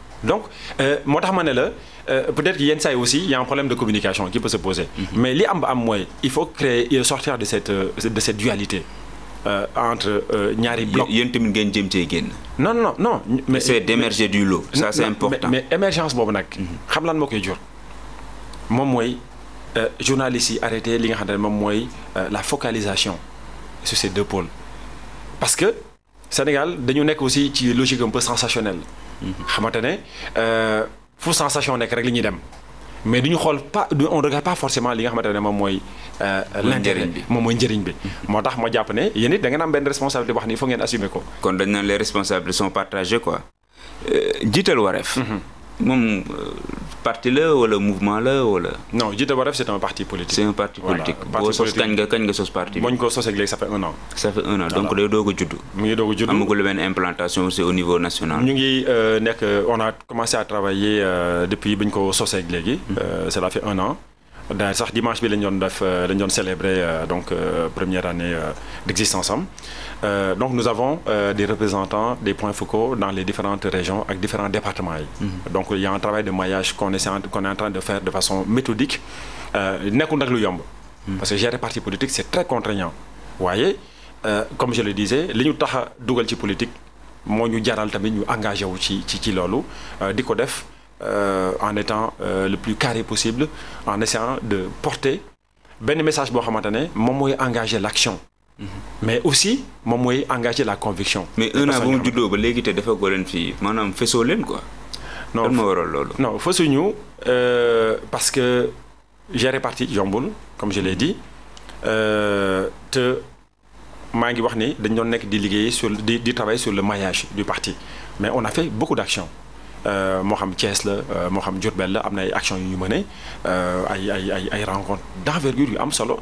donc moo tax ma ne la peut-être que yenn saa aussi il y un problème de communication qui peut se poser. Mhm. mais li am ba am mooy il faut créer sortir de cette euh, de cette dualité. Euh, entre euh, ñaari euh, blocs yéen tamit ngeen jëm cee génn. non non non mais c'est d'émerger du lot. ça c'est important mais émergence boobu nag. Mhm. xam lan moo koy jur. moom mooy journalistes yi arrêté li nga xam ne moom mooy la focalisation sur ces deux pôles parce que Sénégal dañu nekk aussi ci logique un peu sensationnelle. xamante ne euh, fu sensation nekk rek li ñuy dem mais du ñu xool pas on regarde pas forcément li nga xamante ne moom mooy. Euh, l'intérêt bi moom mooy njëriñ bi. moo tax ma jàpp ne yéen it da a am benn responsabilité wax ni il faut ngeen assumer ko. kon dañ naan les responsabilités sont partagées quoi. Euh, jiital wareef. Mhm. moom parti la wala mouvement la wala. non Jiite Wareef c'est un parti politique. c'est un parti politique boo sos kañ nga kañ nga sos parti bi. ko sosee léegi ça fait un an. ça fait un a judd. mu a judd amagul c'est euh, a commencé à travailler euh, depuis bi ñu ko sosee léegi. Mm-hmm. Euh, cela fait un an. daal sax dimanche bi lañ doon def lañ doon célébrer donc première année d'existence am. Euh, donc nous avons euh, des représentants des points focaux dans les différentes régions ak différents départements yi. Mm -hmm. donc il y a un travail de maillage qu'on est qu'on est en train de faire de façon méthodique euh, nekkul nag lu yomb. Mhm. parce que gérer parti politique c'est très contraignant. waaye euh, comme je le disais li ñu tax a dugal ci politique moo ñu jaral tamit ñu engagé wu ci ci ci loolu euh, di ko def en étant le plus carré possible en essayant de porter benn message boo xamante ne moom mooy engager l'action. mais aussi moom mooy engagé la conviction. mais un an ba mu juddoo ba léegi te dafa góor leen fii maanaam fesoo leen ko non lan ma waral loolu. non fësuñu euh, parce que gérer parti jombul comme je l'ai dit euh, te maa ngi wax ni dañ doon nekk di liggéey sur di di travail sur le maillage du parti mais on a fait beaucoup d'actions. Euh, moo xam Thiès la moo xam Diourbel la am na ay actions yu ñu mené ay ay ay ay rencontres d'envergure yu am solo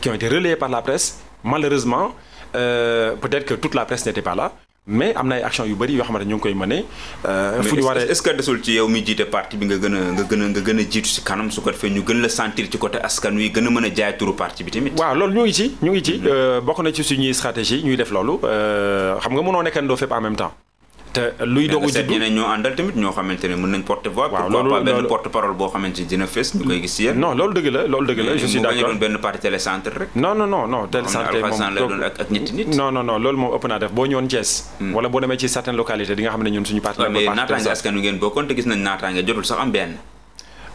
qui ont été relayées par la presse malheureusement euh, peut-être que toute la presse n'était pas là mais am na ay action yu bëri yoo xamante ñu ngi koy mëne. Euh, fu ñu waree est-ce que desul ci yow mi jiite parti bi nga gën a nga gën a nga a jiitu si kanam su ko defee ñu gën la sentir ci côté askan wi gën a mën a jaay turu parti bi tamit. waaw loolu ñu ngi ci ñu ngi ci mm-hmm. euh, bokk na ci suñuy stratégie ñuy def loolu euh, xam nga mënoo nekkandoo fépp en même temps. te luy doog juddu ñoo àndal tamit ñoo xamante ne mën nañ porte voix waaw loolu pas benn porte parole boo xamante ne dina fës ñu koy gis yéen non loolu dëgg la loolu dëgg la je suis d'accord doon benn parti télécentre rek non non moom ëpp naa def boo ñëwoon Thiès hmm. wala boo demee ci certaines localités di xam ne ñun suñu parti mais naataange askan wi ngeen bokkoon te gis nañ naataange jotul sax am benn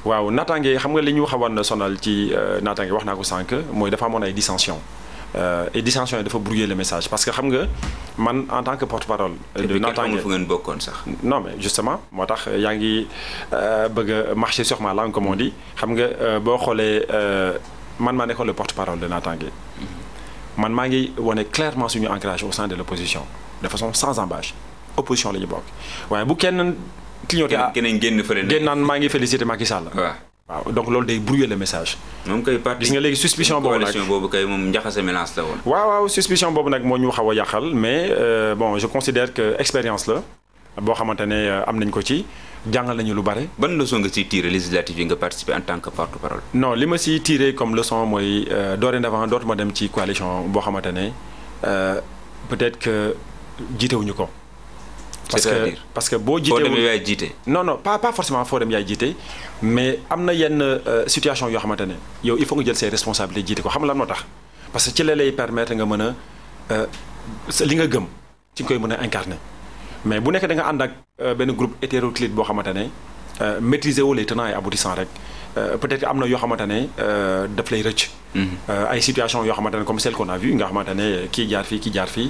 waaw naataange xam nga li ñu xawoon sonal ci euh, naataange wax naa ko sànq mooy dafa amoon ay dissension Euh, et dissension yi dafa brouiller le message parce que xam nga man en tant que porte-parole de naataange fu ngeen bokkoon sax mais justement moo tax euh, yaa ngi euh, bëgg marché marcher sur ma langue comme xam nga boo xoolee man maa nekkoon le porte-parole de naataange mm-hmm. man maa ngi wane clairement suñu ancrage au sein de l'opposition de façon sans embâche opposition la bokk waaye bu kenn clignoté ah génn naan maa ngi félicité Macky Sall waaw donc loolu day brouiller le message. moom kay parti gis nga léegi suspicion boobu nag kay moom njaxase mélange la woon. waaw waaw suspicion boobu nag moo ñu xaw a yàqal mais euh, bon je considère que expérience la boo xamante ne euh, am nañ ko ci jàngal nañu lu bare. ban leçon nga ci tiré législative yi nga participer en tant que porte-parole. non li ma siy tiré comme leçon mooy euh, dorénavant dootuma dem ci coalition boo xamante ne peut-être que jiitewuñu ko. parce que parce que boo jiitee foo yaay jiite. non non pas pas forcément foo dem yaay jiite mais am na yenn euh, situation yoo xamante ne yow il faut nga jël say responsabilités jiite ko xam lan moo tax parce que ci la lay permettre nga mën a euh, li nga gëm ci nga koy mën a incarner mais bu nekk da nga ànd ak euh, benn groupe hétéroclite boo xamante ne maîtriser wu les tenants et rek. Euh, peut-être am na yoo xamante ne euh, daf lay rëcc. Mhm. Euh, ay situation yoo xamante ne comme celle qu'on a vu nga xamante ne kii jaar fii kii jaar fii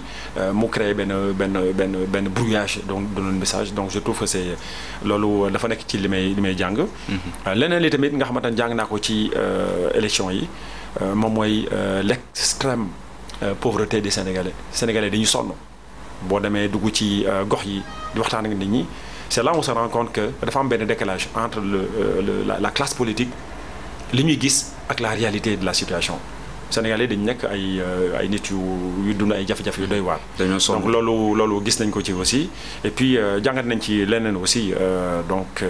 mu créé benn benn benn benn brouillage donc doon message donc je trouve que loolu dafa nekk ci limay may jàng. Mhm. leneen li tamit nga xamante ne jàng naa ko ci élection yi moom mooy l'extrême pauvreté des Sénégalais Sénégalais dañu sonn boo demee dugg ci gox yi di waxtaan ak nit ñi. c'est là on se rend que dafa am benn décalage entre le, euh, le la, la classe politique li ñuy gis ak la réalité de la situation sénégalais dañ nekk ay euh, ay nit yu yu dund ay jafe-jafe yu doy waar. donc loolu loolu gis nañ ko ci aussi et puis euh, jàngat nañ ci leneen aussi donc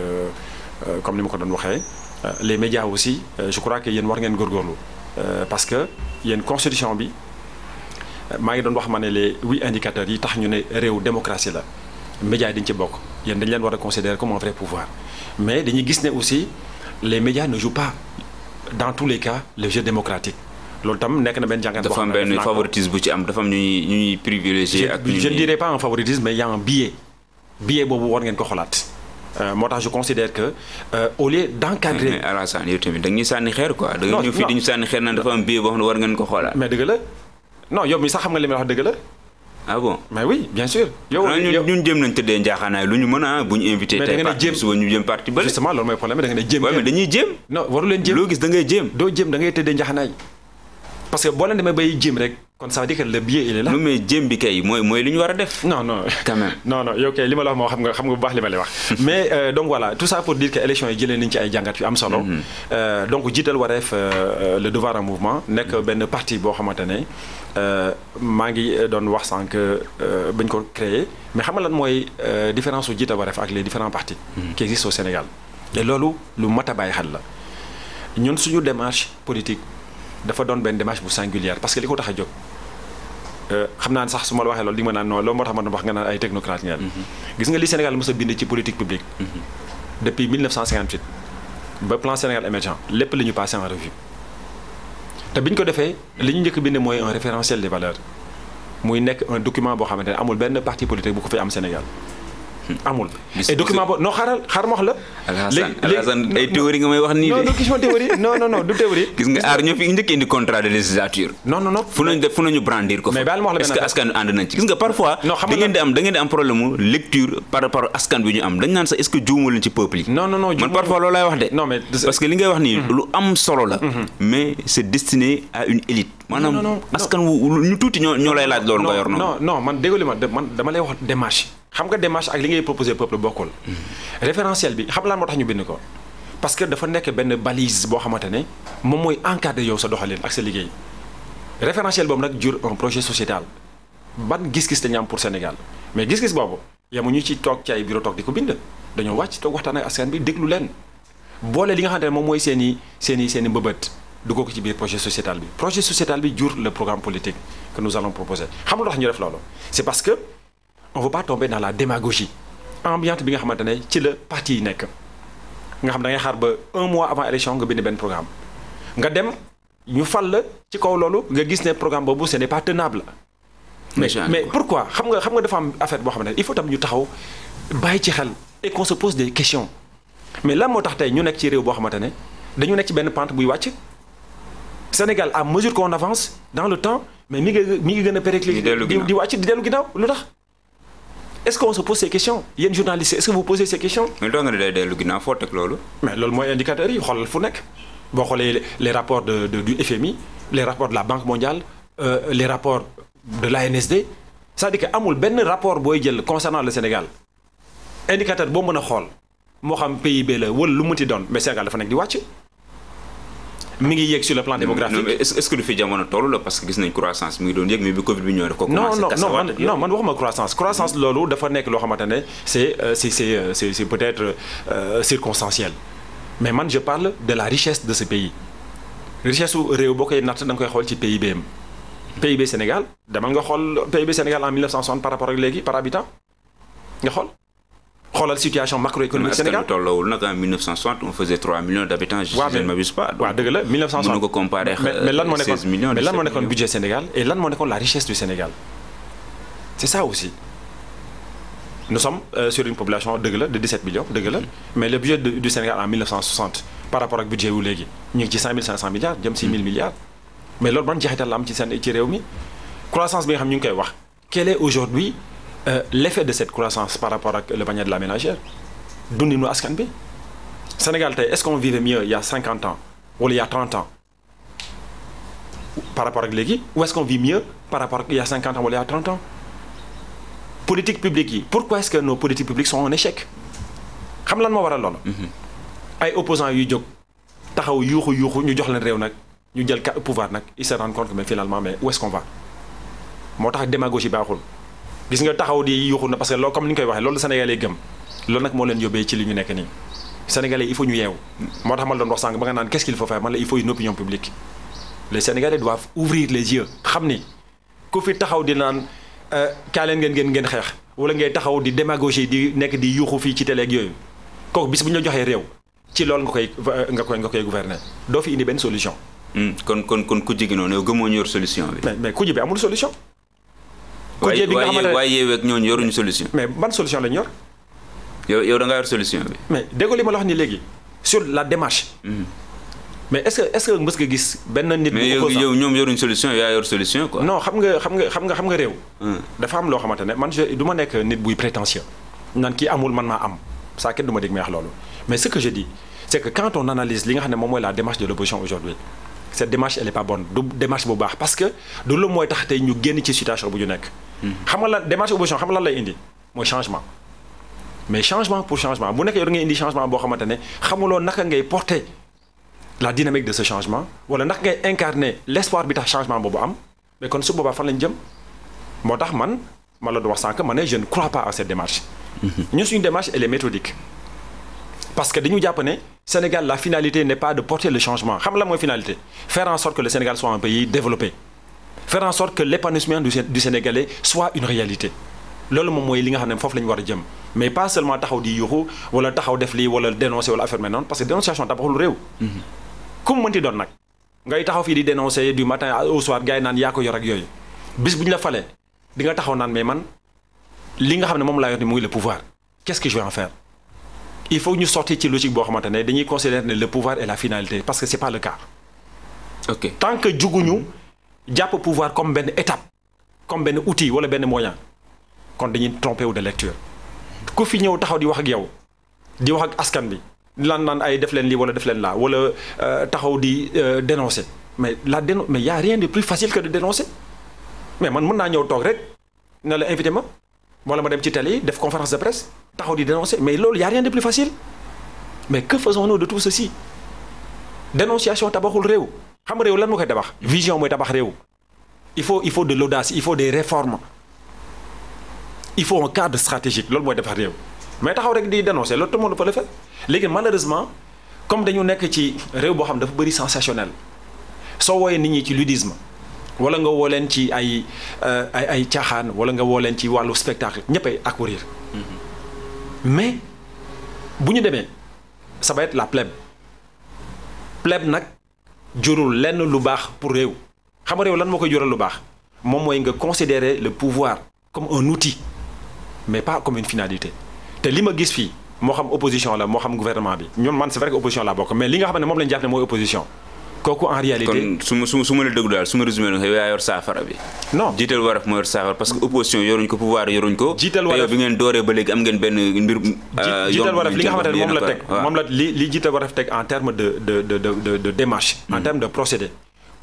comme ni ma ko doon waxee les médias aussi je crois que yéen war ngeen góorgóorlu parce que yéen constitution bi maa ngi doon wax ma ne les huit indicateurs yi tax ñu ne réew démocratie la médias yi ci bokk. yéen dañ leen war a considérer comme un vrai pouvoir mais dañuy gis ne aussi les médias ne jouent pas dans tous les cas le jeu démocratique loolu tam nekk na benn jàngat dafa xam benn favoritisme bu ci am dafa am ñuy ñuy privilégié ak je ne dirais pas un favoritisme mais y a un boobu war ko xolaat euh, moo tax je considère que euh, au lieu d'encadrer mais Alassane yow tamit da nga ñuy sànni xeer quoi da nga ñëw fii ñu sànni xeer naan dafa am biais boo xam ne war ngeen ko xoolaat mais dëgg la non yow mi sax xam nga li may wax dëgg la ah bon mais oui bien sûr. ñun jëm nañ tëddee njaaxaanaay lu ñu mën a bu ñu invité tey parti suba ñu parti bële. justement loolu mooy problème da nga ne jéem. waaw mais dañuy jéem. non leen jéem loo gis da ngay jéem. doo jéem da ngay tëddee njaaxaanaay parce que boo leen demee bay jéem rek kon ça veut dire que le billet il est mooy mooy li ñu war a def. non non quand même. la moo xam nga xam nga bu baax li ma lay wax. mais euh, donc voilà tout ça pour dire que élection yi jëlee nañu ci ay jàngat yu am solo. Mm-hmm. Euh, donc jiital wareef euh, euh, le devoir en mouvement. Mm-hmm. benn parti boo xamante ne maa ngi doon wax sànq bañ ko créer mais xam lan mooy différence su jiital wareef ak les différents partis. Mm-hmm. qui existent au Sénégal. te loolu lu mat a bàyyi xel la ñun suñu démarche politique dafa doon benn démarche bu singulière parce que li ko tax a jóg. xam naa sax su ma la waxee loolu di ma naan non loolu moo tax ma doon wax nga naan ay technocrate ñaar mhm. gis nga li Sénégal mos a bind ci politique publique mhm. depuis 1958 ba plan Sénégal émergent lépp li ñu passé en revue te bi ñu ko defee li ñu njëkk bind mooy un référentiel des valeurs muy nekk un document boo xamante amul benn parti politique bu ko fi am Sénégal amul. et document boobu non xaaral xaar ma wax la. léegi may wax nii de. gis nga aar ñoo fi njëkk indi contrat de législature. non non non fu nañu brandir ko. mais baal ma nañ ci. gis nga parfois. non ngeen di am problème lecture par rapport askan bi ñu am dañ naan sax est-ce leen ci peuple yi. non non non man parfois loolu laay wax de. parce que li ngay wax nii. Mhm. lu am solo la. Mhm. mais c'est destiné à une élite. maanaam askan wu ñu tuuti ñoo lay laaj loolu xam nga démarche ak li ngay proposé peuple bokkul. référentiel bi xam lan moo tax ñu bind ko. parce que dafa nekk benn balise boo xamante ne moom mooy encadré yow sa doxalin ak sa liggéey référentiel boobu nag jur un projet sociétal ban gis-gis dañu am pour Sénégal mais gis-gis boobu yemuñu ci toog ci ay bureau toog di ko bind dañoo wàcc toog waxtaan ak askan bi déglu leen boole li nga xamante ne moom mooy seen i seen seen i mbëbët duggoo ko ci biir projet sociétal bi projet sociétal bi jur le programme politique que nous allons proposer xam lu tax ñu def loolu c'est que on veut pas tomber dans la démagogie ambiante bi nga xamante ne ci la parti yi nekk nga xam da ngay xaar ba un mois avant élection nga bind benn programme nga dem ñu fal la ci kaw loolu nga gis ne programme boobu ce n'est pas mais mais pourquoi xam nga xam nga dafa am affaire boo xam ne il faut tam ñu taxaw bàyyi ci xel et qu'on se pose des questions mais lan moo tax tey ñu nekk ci réew boo xamante ne dañu nekk ci benn pente buy wàcc. Sénégal à mesure qu'on avance dans le temps mais mi ngi mi ngi gën a périclite di wàcc di dellu ginnaaw lu tax. est-ce qu'on se pose ces questions yéen journalistes est-ce que vous posez ces questions. mais doo nga ne day dellu ginnaaw foo teg loolu. mais loolu mooy indicateurs yi xoolal fu nekk boo xoolee les rapports de du FMI les rapports de la Banque mondiale euh, les rapport de la c'est-à-dire que amul benn rapport booy jël concernant le Sénégal indicateur boo mën a xool moo xam PIB la wala lu mu doon mais Sénégal dafa nekk di wàcc. mi ngi yéeg sur le plan démographique. est ce que du fi jamono toll la parce que gis nañ croissance mi ngi doon yéeg mais bi Covid bi ñëw daf ko commencé. non non non man waxuma croissance croissance mm-hmm. loolu dafa nekk loo xamante ne c' est c' peut être circonstanciel mais man je parle de la richesse de ce pays richesse su réew boo koy natt da nga koy xool ci PIB am PIB Sénégal demal nga xool PIB Sénégal en 1960 par rapport ak léegi par habitant nga xool. xoolal situation macroéconomique Sénégal askan wi tolloowul nag en 1960 on faisait 3 millions d' habitants. la mais lan moo euh, nekkoon budget Sénégal et lan moo nekkoon la richesse du Sénégal c' ça aussi. nous sommes euh, sur une population dëgg la de 17 millions dëgg la mais le budget du Sénégal en par rapport ak budget wu léegi ñu ngi ci milliards jëm milliards. mais loolu ban jeexital la ci réew mi croissance bi nga xam ñu ngi koy wax quel est aujourd'hui Euh, l'effet de cette croissance par rapport ak le panier de la ménagère dundinu askan bi Sénégal tey est-ce qu'on vivait mieux il y cinquante ans wala il trente ans par rapport ak léegi ou est-ce qu'on vit mieux par rapport ak cinquante ans wala il y trente ans politique publique yi pourquoi est-ce que nos politiques publiques sont échec xam lan moo waral loolu. Mhm. ay opposants yu jóg taxaw yuuxu yuuxu ñu jox leen réew nag ñu jël pouvoir nag ils se rendent mais finalement mais où est-ce qu'on va moo gis nga taxaw di yuuxu na parce que loolu comme ni ñu koy waxee loolu sénégalais gëm loolu nag moo leen yóbbee ci li ñu nekk nii sénégalais il faut ñu yeewu moo tax ma la doon wax sànq naan qu'est-ce qu'il faut faire man la il faut xam ni ku fi taxaw di naan euh, kaa ngeen ngeen ngeen xeex wala ngay taxaw di démagogie di nekk di yuuxu fii ci télé yooyu kooku bis bu ñu joxee réew ci loolu nga koy nga koy nga koy gouverner doo fi indi benn solution. Hmm, kon kon kon ku jigéen noonu yow gëmoo ñu yor solution bi. mais mais ku ji bi amul solution. kuje bi nga xamante ne waaye ñooñu yoruñu solution. mais ban solution lañ yor. yow da ngaa yor solution bi. mais déggoo li ma la wax léegi sur la démarche. Mm-hmm. mais est-ce que gis benn nit. mais yow yow solution yaa yor solution quoi. xam nga xam nga xam nga xam nga réew. Mm. dafa am loo xamante ne man je nekk nit buy prétentieux. naan kii amul man maa am saa kenn du ma dégg c'est que quand analyse li nga xam ne moom mooy la démarche de l'opposition aujourd'hui cette démarche elle est pas bonne du démarche bu baax parce que du lu mooy tax tey ñu génn ci situation bu ñu nekk. xam nga lan démarche opposition xam la lan lay indi mooy changement mais changement pour changement bu nekk yow da ngay indi changement boo xamante ne xamuloo naka ngay porte la dynamique de ce changement wala naka ngay incarner l'espoir bi tax changement boobu am mais kon su booba fan lañ jëm moo tax man ma la doon wax sànq ma ne je ne crois pas à cette démarche. Mhm. ñun suñu démarche elle est méthodique. parce que dañu jàpp ne Sénégal la finalité n'est pas de porter le changement xam la mooy finalité faire en sorte que le Sénégal soit faire en sorte que l'épanouissement du Sénégalais soit une réalité loolu moom mooy li nga xam ne foofu la ñu war a jëm mais pas seulement taxaw di yuuxu wala taxaw def lii wala dénoncer wala affaire mel noonu parce que dénonciation tabaxul réew. Mhm. ku mu mënti doon nag. ngay taxaw fii di dénoncer du matin au soir gars yi naan yaa ko yor ak yooyu bis bu ñu la falee di nga taxaw naan mais man li nga xam ne moom laa yor ni muy le pouvoir qu'est-ce que je vais en faire ci logique boo xamante ne dañuy considérer ne le pouvoir est la finalité parce que c'est pas le cas. ok tant que juguñu. Mhm. jàpp pouvoir comme benn étape comme benn outil wala benn moyen kon dañuy trompé wu de lecture ku fi ñëw taxaw di wax ak yow di wax ak askan bi lan naan ay def leen lii wala def leen laa wala euh, taxaw di euh, dénoncer mais la déno mais y a rien de plus facile que de dénoncer mais man mën naa ñëw toog rek na la invité ma wala ma dem ci télé def conférence de presse taxaw di dénoncer mais loolu y a rien de plus facile mais que faisons-nous de tout ceci dénonciation réew. xam réew lan moo koy tabax vision mooy tabax réew il faut il faut de l'audace il faut des réformes il faut un cadre stratégique loolu mooy defar réew mais taxaw rek di dénoncer loolu tout le monde peut le faire léegi malheureusement comme dañu nekk ci réew boo xam dafa bëri sensationnel soo wooyee nit ñi ci ludisme wala nga woo leen ci ay euh, ay ay caaxaan wala nga woo leen ci wàllu spectacle ñëppay accourir mm-hmm. mais bu ñu demee ça va la plèbe plèbe nag jurul lenn lu baax pour réew xam nga réew lan moo koy jural lu baax moom mooy nga considérer le pouvoir comme un outil mais pas comme une finalité te li ma gis fii moo xam opposition la moo xam gouvernement bi ñoom man c'est vrai que opposition laa bokk mais li nga xam moom lañu jàpp ne mooy opposition kooku en réalité su ma su ma la déglu daal su ma résumé la yow yaa yor saafara bi. non jiital waraf moo yor saafara parce que opposition yoruñ ko pouvoir yoruñ ko. jiital waraf te ngeen dooree ba léegi am ngeen benn mbir. Euh, jiital waraf li nga xam ne moom la teg moom la li li waraf teg en terme de de de de de démarche. en hmm. terme de procédé.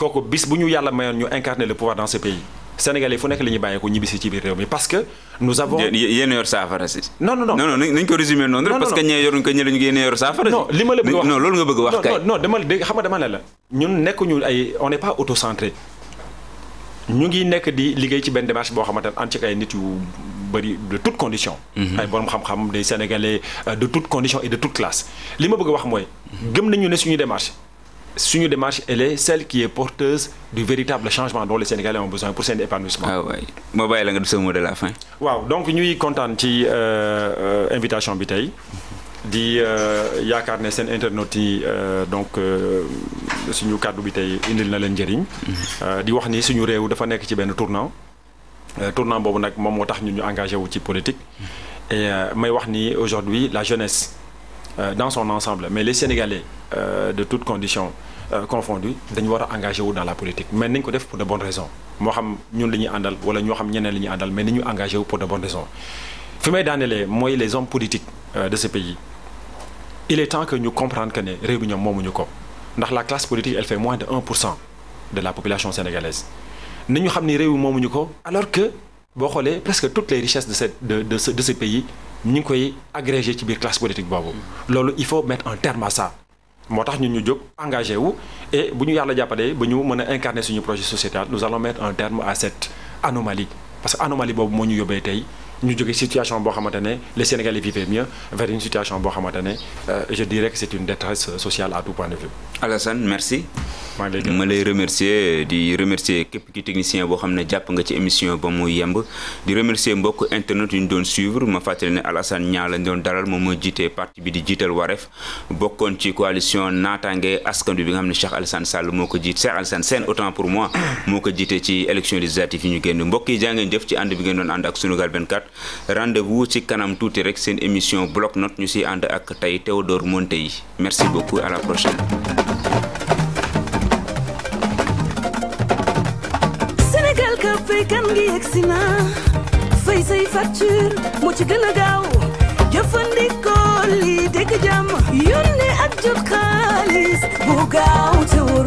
kooku bis bu ñu yàlla mayoon ñu incarner le pouvoir dans ce pays. Sénégalais fu nekk la ñuy bàyyeekoo ñibbisi ci biir réew mi parce que. nous avons yéen yor saafara si. non non non non nañ ko résumé noonu rek. parce que ñee yoruñ ko ñële ñu yéen yor saafara si. li ma la bëgg wax non loolu nga bëgg wax. kay ay on n'est pas ñu ngi nekk di liggéey ci benn démarche boo xamante ne ànd ci ay nit yu bëri de toutes conditions. Mhm. ay borom xam-xam des sénégalais euh, de toutes conditions et de toutes classes li ma bëgg wax mooy. gëm nañu ne suñu démarche suñu démarche elle est celle qui est porteuse du véritable changement dont les Sénégalais ont besoin pour seen épanouissement. ah waay ma bàyyi la nga def sa mot de la fin. waaw donc ñuy kontaan ci euh, euh, invitation bi tey di euh, yaakaar ne seen internautes yi donc suñu kàddu bi tey indil na leen njëriñ. Mm-hmm. di wax ni suñu réew dafa nekk ci benn tournant tournant boobu nag moom moo tax ñun ñu engagé wu ci politique mm-hmm. et may wax ni aujourd'hui la jeunesse. Euh, dans son ensemble mais les Sénégalais euh, de toutes conditions euh, confondues dañu war a engagé wu dans la politique mais nañ ko def pour de bonnes raisons moo xam ñun la àndal wala ñoo xam ñeneen la ñuy àndal mais nañu engagé wu pour de bonnes raisons fi may daanelee mooy les hommes politiques de ce pays il est temps que ñu comprendre que ne réew mi ñoom moomuñu ko ndax la classe politique elle fait moins de 1 pour cent de la population sénégalaise nañu xam ni réew mi moomuñu ko alors que boo xoolee presque toutes les richesses ñu ngi koy agrégé ci biir classe politique boobu loolu il faut mettre en terme à moo tax ñun ñu jóg engagé wu et bu ñu yàlla jàppalee ba ñu mën a incarner suñu projet sociétal nous allons mettre un terme à cette anomalie parce que anomalie boobu moo ñu yóbbee tey ñu jóge situation boo xamante ne les Sénégalais vivaient mieux vers une situation boo xamante ne euh, je dirais que c'est une détresse sociale à tout point de vue. Alassane merci. maa ngi lay ma lay remercier di boo xam ne jàpp nga ci émission ba mu yemb di doon suivre ma fàttali ne Alassane Niang lañ doon moom mooy jiite parti bi di moo ko jiit Cheikh Alassane Sène autant pour moi moo ko jiite ci élection législative yi ñu génn mbokk yi jaa ci ànd bi ngeen doon ak Sunugal rendez-vous ci kanam tuuti rek seen émission bloc note ñu siy ànd ak tey Théodore Monteil merci beaucoup à la prochaine. Sénégal ka fay kan gi yegsi na fay say facture moo ci gën gaaw jëfandikoo lii dégg jàmm yónnee ak jot xaalis bu gaaw te wóor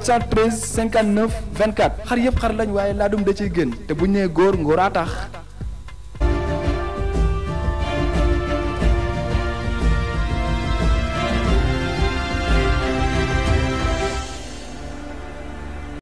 713 59 24 xar yëpp xar lañ waaye laadum da ciy gën te bu nee góor ngóoraa tax